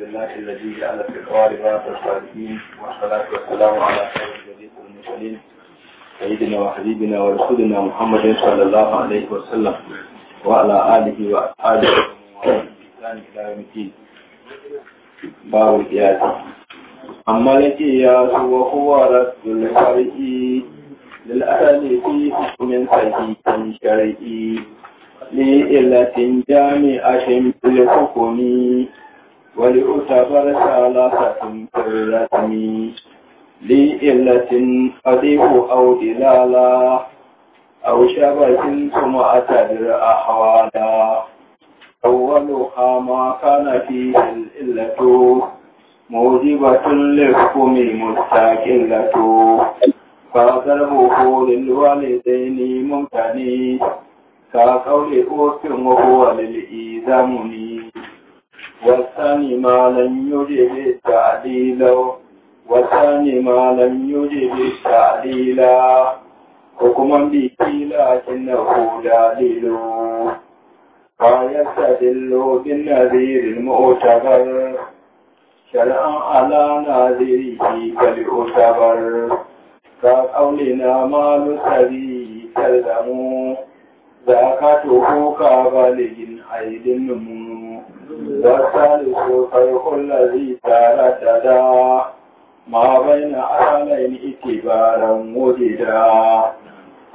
لله الذي جعل في الأوائل بعض الصالحين والصلاة والسلام على خير الوليد المرسلين سيدنا وحبيبنا ورسولنا محمد صلى الله عليه وسلم وعلى آله وأصحابه ومن إلى يوم الدين باب القياس أما القياس وهو رد الفرق للأهل في حكم صحيح شرعي لإلة جامعة في الحكم ولأعتبرت على الرسم لإلة أضيف أو دلالة أو شبك ثم أتدر أحوالا أولها ما كان فيه الإلة موجبة للحكم مستقلة فضربه للوالدين ممتني كقول أوف وهو للإيذام وَالثَّانِي مَا لَمْ يُجِبْ تَعْدِيلًا وَالثَّانِي مَا لَمْ يُجِبْ تَعْدِيلًا حُكْمًا به لكنه دليل فيستدل بالنذير المعتبر شرعا على ناذره فليعتبر كقولنا مال السبي كلموا da aka toko ka balihin a idin numu da tsari sosai kullazi tare da da ma bai na alayin ike baran waje da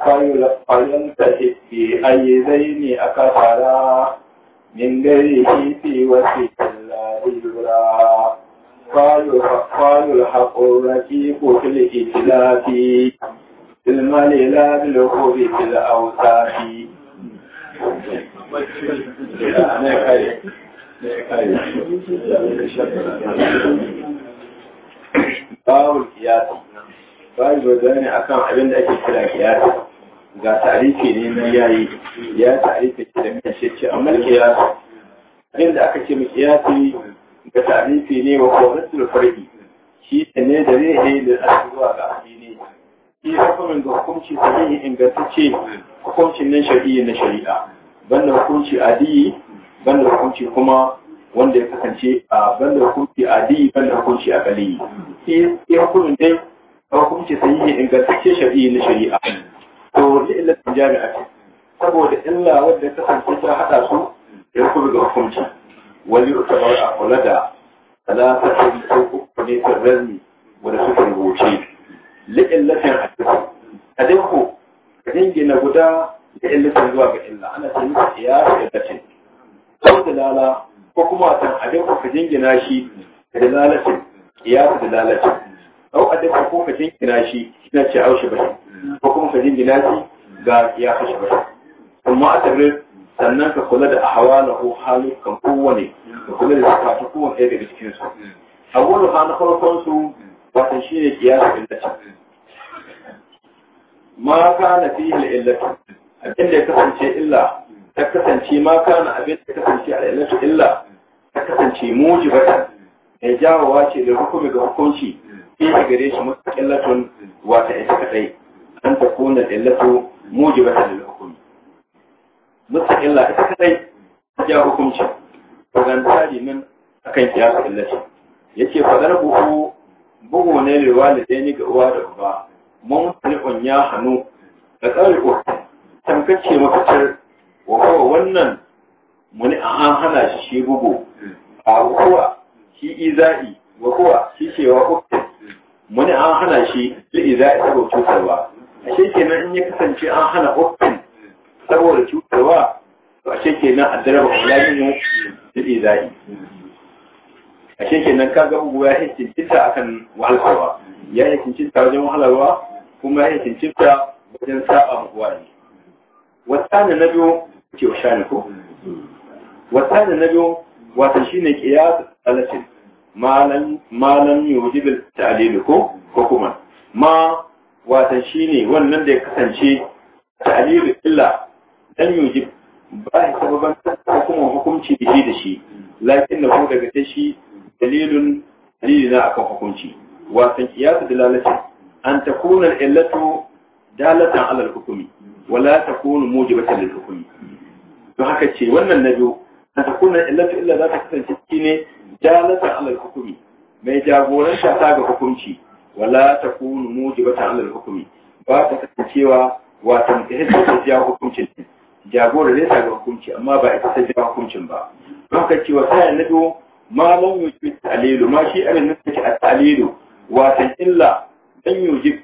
kayula ƙwayon ta hefe a yi zai ne a kafara min gari hefe wasu kullazi lura kayul haƙon raki ko kilikin lafi ilmali lafi lokobi kila a wutafi bawul kiyasa bayu bazani akan abin da ake kira kiyasa ga tarihi ne na yayi ya tarihi da kashe ce amma kiyasa abin da aka ce mu kiyasi ga tarihi ne wa qawlatul farqi shi ne da ne ne da zuwa ga addini shi hukumin da hukunci sahihi ingantacce hukuncin nan shari'i na shari'a banda hukunci adi banda hukunci kuma wanda ya kasance a banda hukunci adi banda hukunci a kali sai hukumin dai hukunci sai yi ingantacce shari'i na shari'a to ni illatin jami'a ce saboda illa wadda ya kasance ta hada su ya kuma ga hukunci wani ukamar a kula da talatattun ko uku ne sarrani wanda suka rubuce li'illatin hadisi a dai ko dangina guda da illata zuwa ga illa ana ce musu ya illacin ko dalala ko kuma san abin ka jingina shi da dalalacin ya da dalalacin au abin ko ka jingina shi na ce aushi ba ko kuma ka jingina shi ga ya kashi ba kuma a tare sannan ka kula da ahwalahu halukan kowane ka kula da zakatu kowane ɗaya daga cikin su awwalu hana farkon su watan shine kiyasu illacin ma kana fihi illatu abin da ya kasance illa ta kasance ma kana abin da ya kasance al'ilatu illa ta kasance bata ya jawowa ce da hukumi ga hukunci in ka gare shi mustaqillatun wata ita kadai an ta kuna illatu bata da hukumi illa ita kadai ja hukunci dan tari min akan Ya ce yace fadar buhu bugu ne da ɗaya ni ga uwa da uba mun ne on ya hannu da tsari ko tamkar maka mafitar wa kowa wannan muni an hana shi shi bugu a kowa shi iza'i wa kowa shi cewa uku muni an hana shi li iza'i saboda cutarwa ke nan in ya kasance an hana uku saboda cutarwa ashe nan a daraba ulamin mu li iza'i ashe kenan kaga bugu ya yi cincinta akan wahalarwa ya yi cincinta wajen wahalarwa kuma ya yi cincinta wajen sa'a uwa wasani na biyu ke wa shani ko wasani na biyu wata shine qiyas alatin malan malan yujibil ta'lil ko ko kuma ma wata ne wannan da ya kasance ta'lil illa dan yujib ba ya sababan hukumin hukunci da shi da shi lakin na ko daga ta shi dalilun dalilina akan hukunci wasan qiyasu dalalatin an takuna illatu dalatan alal hukumi wala takunu mujibatan lil hukumi to haka ce wannan na biyu ta takuna illatu illa za ta kasance shine dalatan alal hukumi mai jagoranta ta ga hukunci wala takunu mujibatan alal hukumi ba ta kasancewa watan ta hidda ta jawo hukuncin jagora zai ta ga hukunci amma ba ita ta jiya hukuncin ba haka ce wa kayan na biyu ma lam yujib ta'lilu ma shi abin nan take at-ta'lilu watan illa dan yujib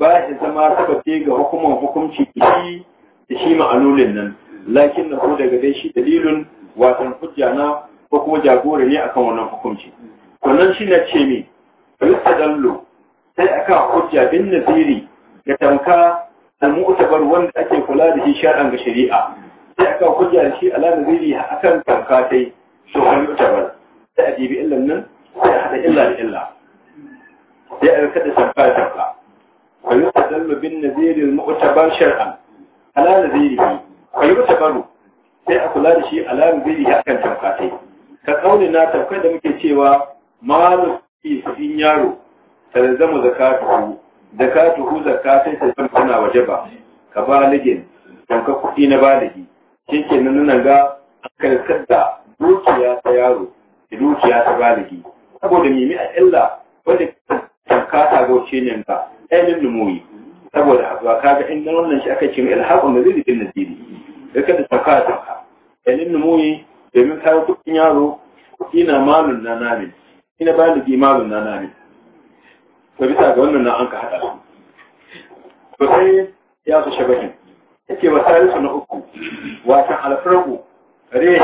ba shi zama sabace ga hukumar hukunci shi da shi ma'alolin nan lakin na ko daga dai shi dalilun watan hujja na ko kuma jagora ne akan wannan hukunci wannan shi na ce me yustadallu sai aka hujja bin naziri ga tamka al-mu'tabar wanda ake kula da shi shar'an ga shari'a sai aka hujja da shi ala naziri akan tamka sai so kan mu'tabar sai a jibi illan nan sai a hada illa da illa sai a kada tamka tamka ويستدل بالنذير المعتبر شرعا على نذيره ويعتبر sai a kula da shi a alamun zai yi akan tamkatai ka kauli na tamkar da muke cewa malu sun yaro ta zama zakatuhu zakatuhu zakatai ta zama tana waje ba ka ba baligin tamka kuɗi na baligi shi ke nuna ga an karkar da dukiya ta yaro da dukiya ta baligi saboda mimi a illa wanda tamkata ga wuce ne ba. ainihin lumuyi saboda haɗuwa kaga inda wannan shi aka ce mai da zai bin nasiri da kada sauka a sauka ainihin lumuyi domin kawo kuɗin yaro ina malun na namin ina da baligi malun na namin to bisa ga wannan na an ka haɗa su to sai ya su shabahin yake masalisu na uku watan alfarku rehi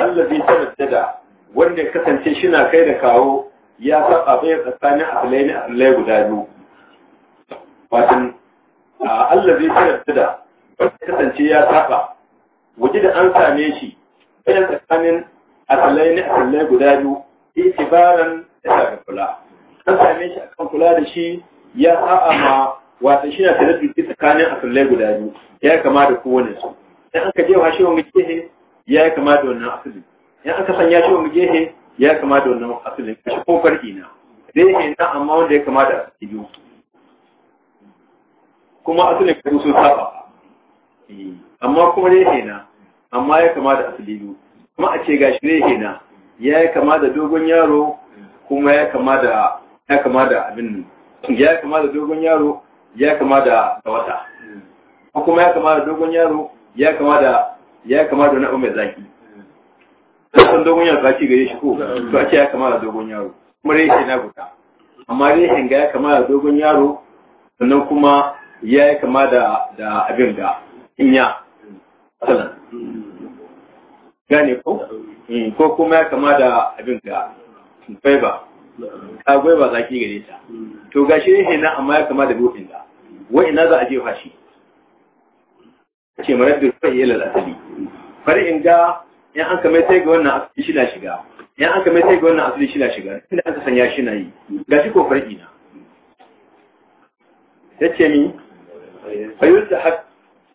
allazi taraddada wanda ya kasance shi na kai da kawo ya saba bai tsakanin asalai ne asalai guda biyu fatan Allah zai karanta da kasance ya saba waje da an same shi bayan tsakanin asalai na asalai guda biyu tibaran da sami kula an same shi a kan kula da shi ya sa'a ma wata shi na da tsakanin asalai guda biyu ya kama da kowane su idan aka je shi wani gehe ya kama da wannan asali idan aka sanya shi wani gehe ya kama da wannan asali. kashi ko farki na zai yi na amma wanda ya kama da asali biyu kuma asalin karu sun saba hmm. amma kuma ne hena, amma ya kama da asalilu kuma a ce gashi ne na ya yi kama da dogon yaro kuma ya kama da ya kama da abin ya kama da dogon yaro ya kama da wata hmm. kuma ya kama da dogon yaro ya kama da ya kama da na'u mai zaki hmm. san dogon yaro zaki gare shi ko to a ce ya kama da dogon yaro kuma rehe na guda amma rehen ga ya kama da dogon yaro sannan kuma ya yi kama da abin ga inya asalan gane ko mm, ko kuma ya kama da abin ga faiba ka ba zaki gare ta to ga shi ne na amma ya kama da bukin da wa ina za a jefa shi ce mara da rufai yi lalatali Fari in ga yan an kame sai ga wannan asali shi na shiga yan an kame sai ga wannan asali shi na shiga inda aka sanya shi na yi Ga shi ko ina. ta ce ni fa yustahab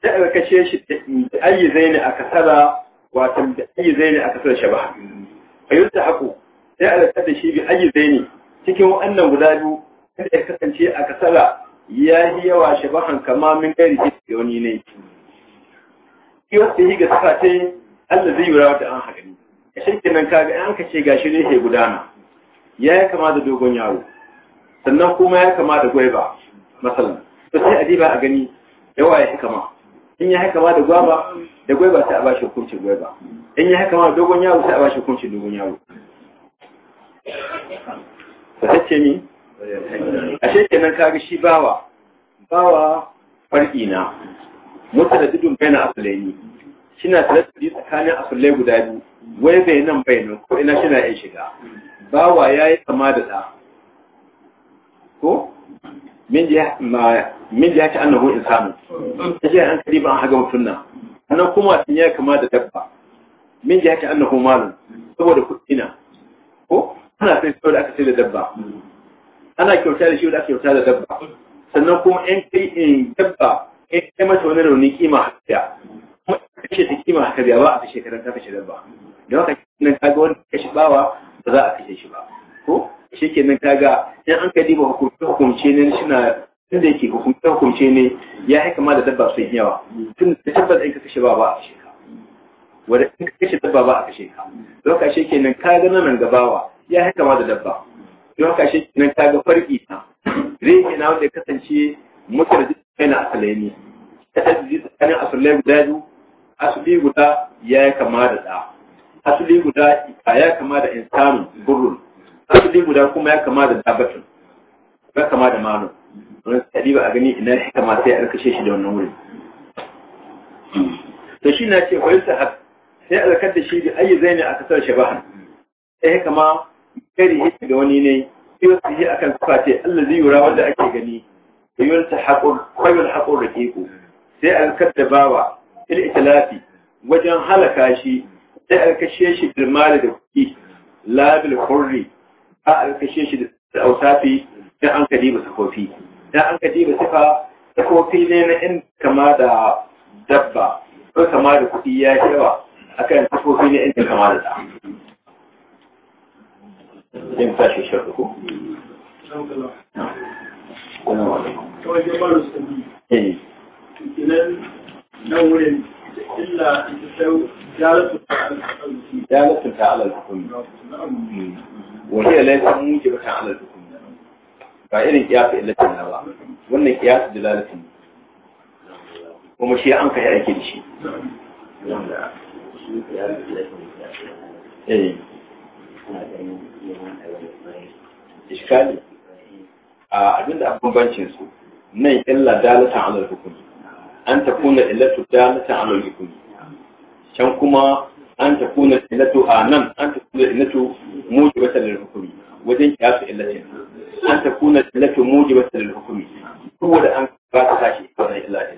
sai a kashe shi da ayi zaini a sara watan da ayi zaini aka sara shabaha fa yustahaqu sai aka kada shi bi ayi zaini cikin wannan guda biyu kada ya kasance aka sara ya yi yawa shabahan kama min gairi ke wani ne yau yi ga ce Allah zai yura wata an hagani shirkin nan kaga an ka ce gashi ne ke gudana ya yi kama da dogon yaro sannan kuma ya kama da gwaiba masalan to sai a a gani yawa ya fi kama in ya haka ma da gwaba da gwaiba sai a bashi hukuncin gwaiba in ya haka ma dogon yaro sai a bashi hukuncin dogon yaro ta ce ni ashe kenan kaga shi bawa bawa farki na mutu da dudun bai na asulaini shina talatali tsakanin asulai guda biyu wai bai nan bai nan ko ina shina yan shiga bawa ya yi kama da ta. ko min ya ci annahu insanu ta jiya an kadi ba an haga mutum sannan kuma sun ya kama da dabba min ya ci annahu malun saboda kuɗina. ko ana sai sau da aka sai da dabba ana kyauta da shi da aka kyauta da dabba sannan kuma in kai in dabba in kai mata wani rauni kima haka kuma kashe ta kima haka ba a ta shekarar ta fashe dabba don haka kenan kaga sai an ka diba hukunce hukunce ne suna tun da yake hukunce hukunce ne ya haika ma da dabba sun yawa tun da tabbas in ka kashe ba ba a kashe ka wanda in ka kashe dabba ba a kashe ka don kashe kenan ka ga nan gabawa ya haika ma da dabba don kashe kenan ka ga farki ta zai na wanda ya kasance mutar kai na asalai ne ta ta jiji tsakanin asalai guda biyu asali guda ya yi kama da da asali guda ya kama da insanu gurrun asali guda kuma ya kama da dabatun ya kama da manu wani tsari ba a gani ina ya kama sai a alkashe shi da wannan wuri to shi na ce wani sa'ad sai a alkar da shi da ayi zai ne a kasar shabahan sai ya kama kari hita ga wani ne sai wasu yi akan suka ce allah zai yura wanda ake gani yiwuwar ta haƙur kwayar haƙur da teku sai a alkar da bawa il itilafi wajen halaka shi sai a kashe shi da mali da kuɗi labil kurri za a kashe shi da ausafi dan an kaji ba sakofi dan an kaji ba suka sakofi ne na in kama da dabba ko kama da kuɗi ya yawa akan sakofi ne in kama da ta zai tashi shirka ko nan wurin illa ita sai jalatun ta'ala al-hukumi وهي ليس موجبة على الحكم ba irin kiyasa illatin na ba wannan kiyasa dalalatin kuma shi an kai aiki da shi eh iskali a abinda a bambancin su nan illa dalatan alal hukumi an ta kuna illatu dalatan alal hukumi can kuma an ta kuna illatu a nan an ta kuna illatu mujibatan lil hukumi wajen illatin an ta kuna illatu hukumi an ba ta tashi wannan illatin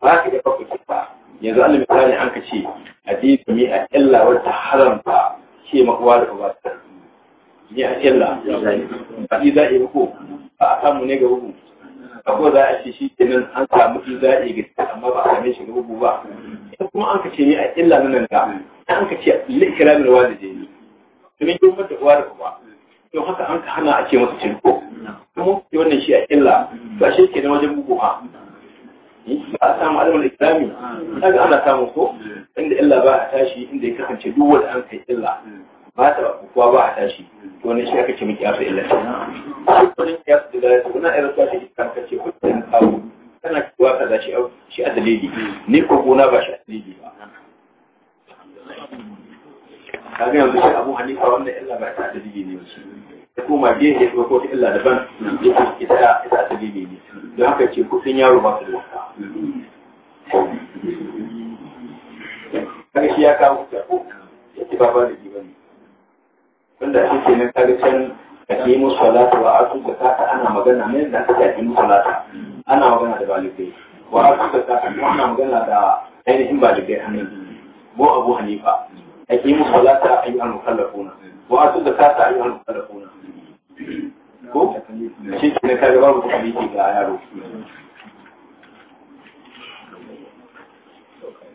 ba ka da bakwai yanzu an an ka ce addini ne a illa wata haramta ce makuwa da uba a illa ba iza'i ko ba a samu ne ga hukumi abuwa za a ce shi kenan an samu iza'i ga amma ba a same shi ga hukumi ba kuma an ka ce ni a illa nan da an kace likiramin walidai to ne kuma da uwa da uba to haka an ka hana a ce masa cinko kuma wannan shi a illa to shi ke da wajen buguwa. ha ba a samu alamar islami kaga ana samu ko inda illa ba a tashi inda ya kasance duk wanda an kai illa ba ta kuwa ba a tashi to wannan shi aka ce miki asa illa wannan ya su da wannan irin ta ce kan kace kuɗin kawo kana kuwa kaza shi abu shi a dalili ni ko gona ba shi a dalili ba kaga yanzu shi abu hanifa wannan illa ba ta dalili ne wasu ya koma gehe ya ko ta illa daban ya ko ita ta dalili ne don haka ce kudin yaro ba su da wata kaga shi ya kawo ta ya ci ba ba da ji bane wanda shi ke nan kaga can ka yi musu salata ba a su ta ana magana ne da aka ji musu salata ana magana da balibai wa suka ta wannan magana da ainihin ba da kai hannun mu abu hanifa aqimu salata ayyuhal mukallafuna wa suka ta ta ayyuhal mukallafuna ko shi ne kare babu kalifi ga yaro